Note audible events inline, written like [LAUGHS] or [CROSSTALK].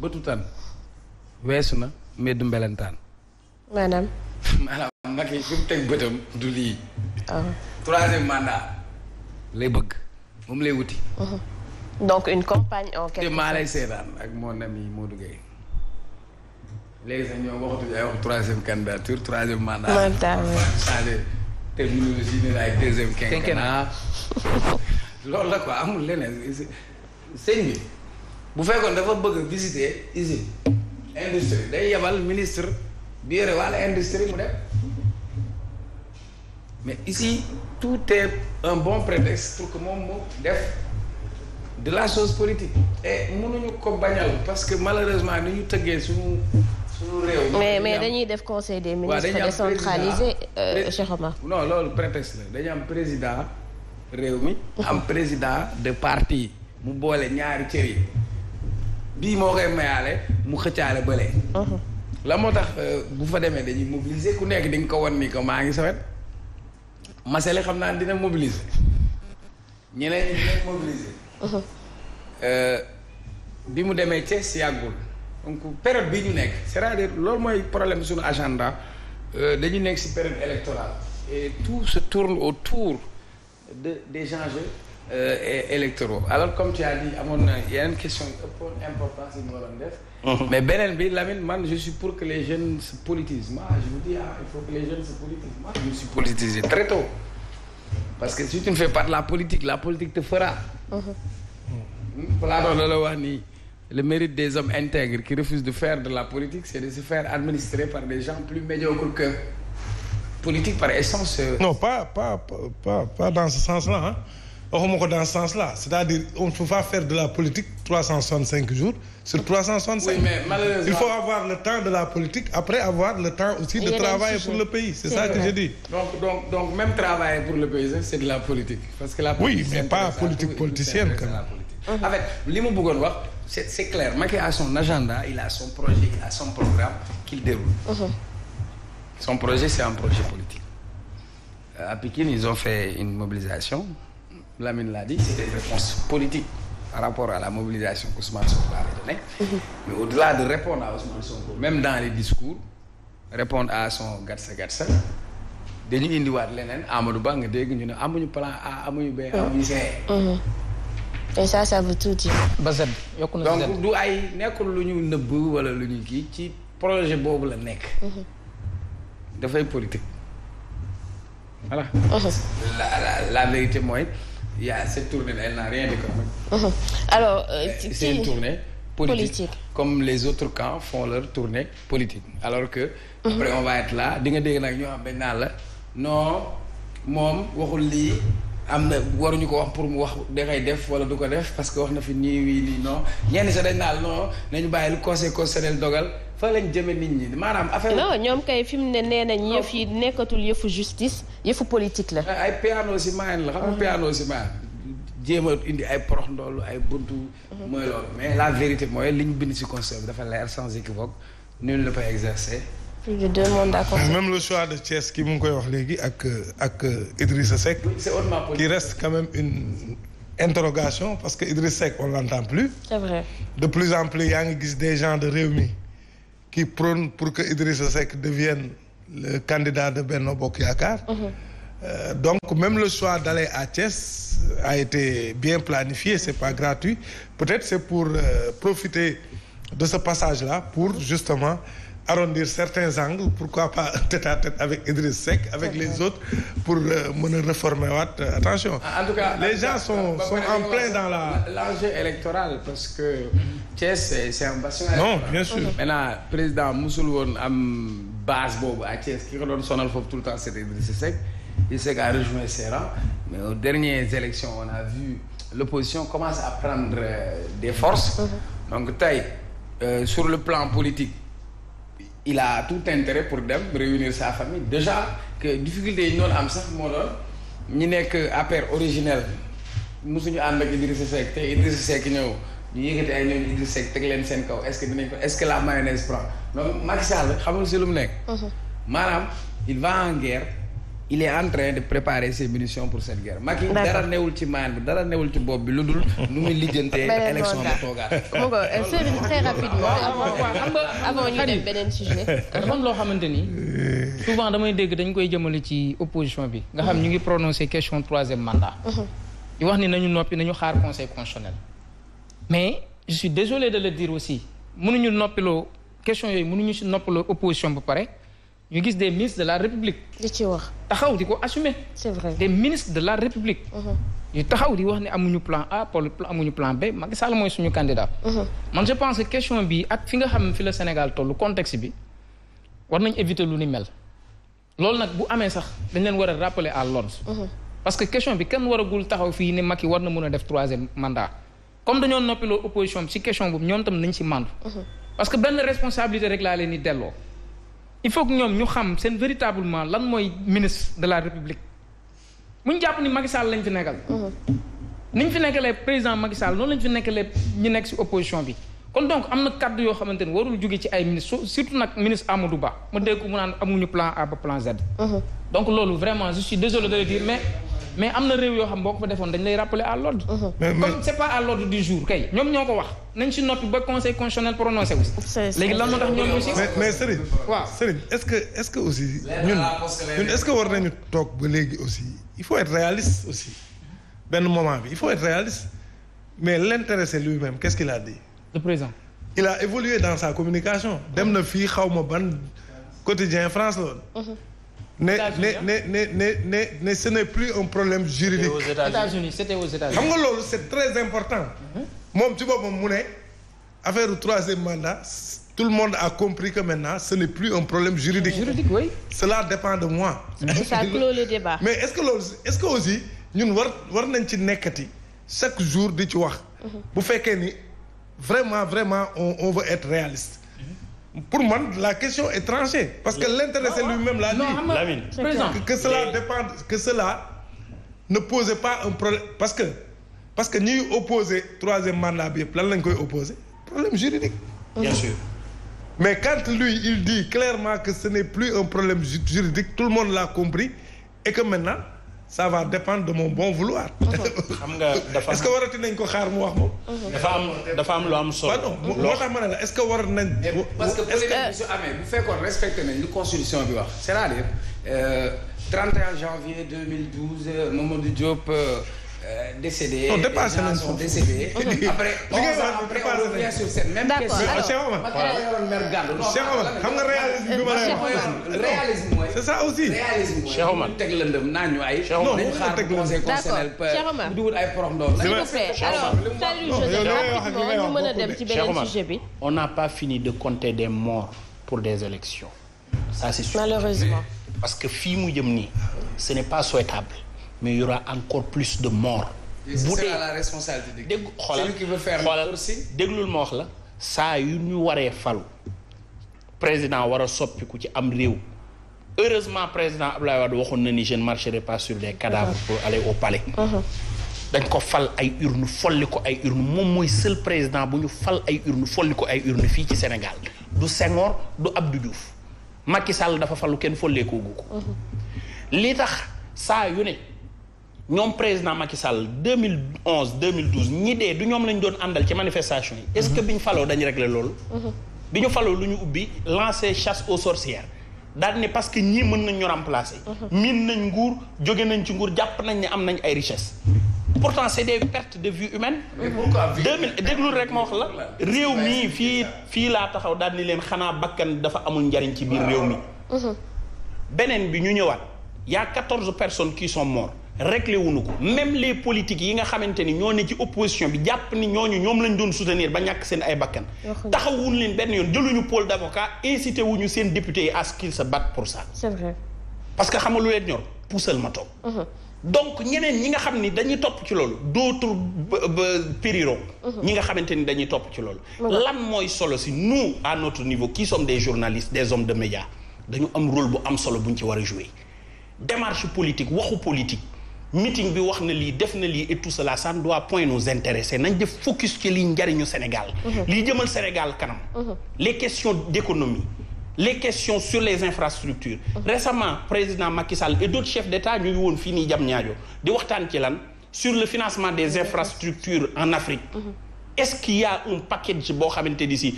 bëtu weesu na meddu mbelentaan maanaam maanaam Macky fi mu teg bëtam du lii ah. troisième mandat lay bëgg moom lay wuti mhm. donc une campagne en quelque sorte maa lay seetaan ak mon ay wax troisième candidature troisième [LAUGHS] la quoi amul leneen sëñ bi bu fekkoon dafa bëgg visiter usine industrie day yebal ministre bi yore wàll industrie mu dem mais ici tout est un bon prétexte pour que moom mu def de la chose politique et mënuñu ko bañal parce que malheureusement ni ñu tëggee su suñu réew mais mais dañuy def conseil des ministres décentralisé euh, Cheikh Omar non loolu prétexte la dañu am président réew mi am président de partie mu boole ñaari cër yi bii moo koy mayaale mu xëccaale bële. Uh-huh. la moo tax euh, bu fa demee dañuy mobiliser ku nekk di nga ko wan ni ko maa ngi sawet masele xam naa dina mobiliser ñeneen ñi dina mobiliser. Uh-huh. Euh, bi mu demee Thiès yàggul donc période bi ñu nekk c'est-à-dire loolu mooy problème suñu agenda euh, dañu nekk ci période électorale et tout se tourne autour de des enjeux Euh, électoraux alors comme tu as dit amoon na yeneen question yu ëppoon importance yi ñu waroon def mhm. mais beneen bi Lamine man je suis pour que les jeunes se politisent moi je vous dis ah, il faut que les jeunes se politisent très tôt parce que si tu ne fais pas de la politique la politique te fera mhm. hmm? la wax nii le mérite des hommes intègres qui refusent de faire de la politique c'est de se faire administrer par des gens plus médiocres que politique par essence euh, non pas pas pas pas dans ce sens waxuma ko dans ce sens là c'est-à-dire on ne peut pas faire de la politique 365 jours sur 365 oui, mais malheureusement il faut avoir le temps de la politique après avoir le temps aussi de travailler pour le pays c'est ça que je dis donc donc donc même travailler la politique parce que la politique son projet il a son programme uh-huh. un projet Lamine l'a dit, c'est une réponse politique par rapport à la mobilisation qu'Ousmane Sonko avait donnée. Mhm. Mais au-delà de répondre a Ousmane Sonko, dans les discours, répondre à son gatsa gatsa, dañu indiwaat leneen Amadou Ba nga dégg ñu ne amuñu plan A amuñu B mhm. amuñu C. Mhm. et ça ça veut tout dire. ba Z yokku na donc du ay nekkul lu ñu nëbb wala lu ñu kii ci projet boobu la nekk. dafay politique voilà. la la la vérité yaa y a cette tournée là elle n'a rien d'économique. Uh-huh. alors ci euh, euh, c'est une comme les autres camps font leur tournée politique alors que. Uh-huh. après on di nga dégg nag ñu am naa la non moom waxul lii am na waruñu ko wax pour mu wax dangay def wala du ko def parce que wax na fi nii wii nii non ñenn sa dañ naal non nañu bàyyi lu conseil constitutionnel dogal. fa lañ jëme nit ñi maanaam affaire. non ñoom kay fi mu ne nee nañ yëf yi nekkatul yëfu justice yëfu politique la. ay piano si maan la xam nga piano si maan jéem a indi ay porox ndoolu ay buntu. Mhm. mooy loolu mais la vérité mooy li ñu bind si conseil bi dafa leer sans équivoque nul ne peut exercer. plus de deux mandats le choix de Thiès ki mu ngi koy wax léegi ak ak Idrissa Seck. c'est hautement politique reste quand une. interrogation parce que Idriss Seck on l'entend plus. c'est vrai. de plus en plus yaa ngi gis des gens de Rewmi qui prône pour que Idrissa Seck devienne le candidat de Benno Bokk Yaakaar. Mhm. Euh, donc même le choix d'aller à Thiès a été bien planifié c'est pas gratuit peut-être c'est pour euh, profiter de ce passage-là pour justement arrondir certains angles pourquoi pas [LAUGHS] tête à tête avec Idriss Seck avec les autres pour euh, mën a réformer waat euh, attention ah, en tout cas les gens sont sont en plein dans la l'enjeu électoral parce que Thiès c'est un bastion non bien sûr maintenant président musul woon am base boobu à Thiès ki ko doon sonal foofu tout le temps c'était Idriss Seck Idriss Seck a rejoint ses rangs mais aux dernières élections on a vu l'opposition commence à prendre euh, des forces mhm. donc tey sur le plan politique il a tout intérêt pour dem réunir sa famille déjà que difficulté yi noonu am sax moo doon ñi nekk APR originel mosuñu ànd ak Idrissa Seck te Idrissa Seck ñëw ñu yëkkati ay ñoom Idrissa Seck teg leen seen kaw est-ce que dinañ ko est-ce que la mayonnaise prend donc Macky xamul si lu mu nekk. Mhm. maanaam il va en guerre. il est en train de préparer ses munitions pour cette guerre. Macky dara newul ci maan bi dara newul ci bopp bi lu dul nu muy lijjantee élection bi toogaat. mu ko Serigne très rapidement. dem beneen sujet. xamante ni souvent damay dégg dañ koy jëmale ci opposition bi. nga xam ñu ngi prononcer question troisième mandat. Mhm. di wax ni nañu noppi nañu xaar conseil constitutionnel. mais je suis désolé de la dire aussi mënuñu noppiloo question yooyu mënuñu si noppiloo opposition ba pare. ñu gis des ministres de la république. li ci wax taxaw di ko assumer. c'est vrai des de la république. Mhm. ñu taxaw di wax ne amuñu plan A pour amuñu plan B Macky Sall mooy suñu candidat. Mhm. man je pense que question bi ak fi nga xam fi la Sénégal tollu contexte bi war nañ éviter lu ni mel. loolu nag bu amee sax dañ leen war a rappeler à l'ordre. Mhm. parce que question bi kenn waragul taxaw fii ne Macky war na mën a def troisième mandat. comme dañoo noppiloo opposition bi ci question boobu ñoom tam nañ ci màndu. parce que benn responsabilité rek laa leen di delloo. il faut que ñoom ñu xam seen véritablement lan mooy ministre de la république mu ñu jàpp ni Macky Sall lañ fi nekkal. Mhm. ni ñu fi nekkalee président Macky Sall noonu lañ fi nekkalee ñu nekk ci opposition bi kon donc am na kaddu yoo xamante ni warul jóge ci ay ministre surtout nag ministre Amadou Ba ma dégg ko mu amuñu plan A ba plan Z. Mhm. donc loolu vraiment je suis désolé de le dire mais. mais am na réew yoo xam boo ko fa defoon dañ lay rappeler à l'ordre comme c'est pas à l'ordre du jour kay ñoom ñoo ko wax nañ si noppi ba conseil constitutionnel prononcé wu léegi lan moo tax ñoom ñu mais Serigne waaw Serigne est-ce que est-ce que aussi est-ce que war nañu toog ba léegi aussi il faut être réaliste aussi benn moment bi il faut être réaliste mais l'intéressé lui-même qu'est-ce qu'il a dit le président il a évolué dans sa communication dem na fii xaw ma ban quotidien France la woon ne ne ne ne ne ne ce n'est plus un problème juridique. aux États-Unis c'était aux États-Unis xam nga loolu c'est très important. Mm-hmm. moom ci boppam mu ne affaire troisième mandat tout le monde a compris que maintenant ce n'est plus un problème juridique. juridique oui. cela dépend de moi. Mm-hmm. ça clôt le débat. mais est-ce que loolu est-ce que aussi ñun war war nañ ci nekkati chaque jour di ci wax. Mm-hmm. bu fekkee ni vraiment vraiment on on veut être réaliste. pour man la question est tranchée. parce que l'intéressé lui-même l'a dit. Lamine que, que cela les... dépend que cela ne pose pas un problème parce que parce que ñuy opposé troisième mandat bi yëpp lan lañ koy opposé problème juridique. bien sûr. mais quand lui il dit clairement que ce n'est plus un problème juridique tout le monde l'a compris et que maintenant. ça va dépendre de mon bon vouloir. [LAUGHS] xam nga dafa est-ce que warati nañ ko xaar mu wax moom. dafa am dafa am lu am solo. loo moo tax ma ne la est-ce que war nañ. parce que polémique su amee bu fekkoon respecté nañ lu constitution bi wax. c'est-à-dire 31 euh, janvier 2012 euh, Mamadou Diop. Euh, décédé non dépassé nañ ko décédé. [LAUGHS] après on revient sur cette même question. d'accord ah, Cheikh Omar. Cheikh Omar xam nga réalisme bi ma lay wax. réalisme de ça aussi. réalisme mooy Cheikh Omar ay. Cheikh Omar non xaar ñu mën a dem ci beneen sujet bi. on n'a pas fini de compter des morts pour des élections parce que fii mu jëm nii ce n'est pas souhaitable mais il aura encore plus de morts. bu dee la dégg xoolal xoolal déglul ma wax la saa yu ñu waree falu président war a soppiku ci am réew. heureusement président Abdoulaye Wade waxoon na ni je ne marcherai pas sur des cadavres uh-huh. pour aller au palais. Uh-huh. dañ ko fal ay urne folli ko ay urne moom mooy seul président bu ñu fal ay urne folli ko ay urne fii ci Sénégal du Senghor du ab Diouf Macky Sall dafa falu kenn folleekoogu ko uh-huh. li tax saa yu ne ñoom président Macky Sall 2011 2012 ñi dee du ñoom lañ doon àndal ci manifestation yi est-ce que bi faloo dañ régler loolu bi ñu faloo lu ñu ubbi lancer chasse aux sorcières daal ne parce que ñii mën nañ ñu remplacer. miin nañ nguur jóge nañ ci nguur jàpp nañ ne am nañ ay richesse pourtant c'est des pertes de vie humaine. deux mille déglul rek ma wax la. réew mii fii fii laa taxaw daal ni leen xanaa bakkan dafa amul njariñ ci biir réew mi. beneen bi ñu ñëwaat y a quatorze personnes qui sont mortes. réglé wuñu ko même les politiques yi nga xamante ni ñoo ne ci opposition bi jàpp ni ñooñu ñoom lañ doon soutenir ba ñàkk seen ay bakkan taxawuñ leen benn yoon jëluñu pôle d' avocat incité wuñu seen député yi à ce qu'ils se pour ça parce que xam nga lu leen ñor puusal ma toog donc ñeneen ñi nga xam ni dañuy topp ci loolu dootul périro ñi nga xamante ni dañuy topp ci loolu lan mooy solo si nu à notre niveau qui sommes des journalistes des hommes de médias dañu am rôle bu am solo buñ ci war a jouer démarche politique waxu politique meeting bi wax na lii def na lii et tout cela ça ne doit point nous intéresser nañ def focus ci liy njariñu Sénégal. Mhm. liy jëmal Sénégal kanam. Mhm. les questions d'économie les questions sur les infrastructures. Mhm. récemment président Macky Sall et d'autres chefs d'État ñu woon fii nii jam ñaajo di waxtaan ci lan sur le financement des infrastructures en Afrique. est-ce qu'il y a package boo xamante ni si.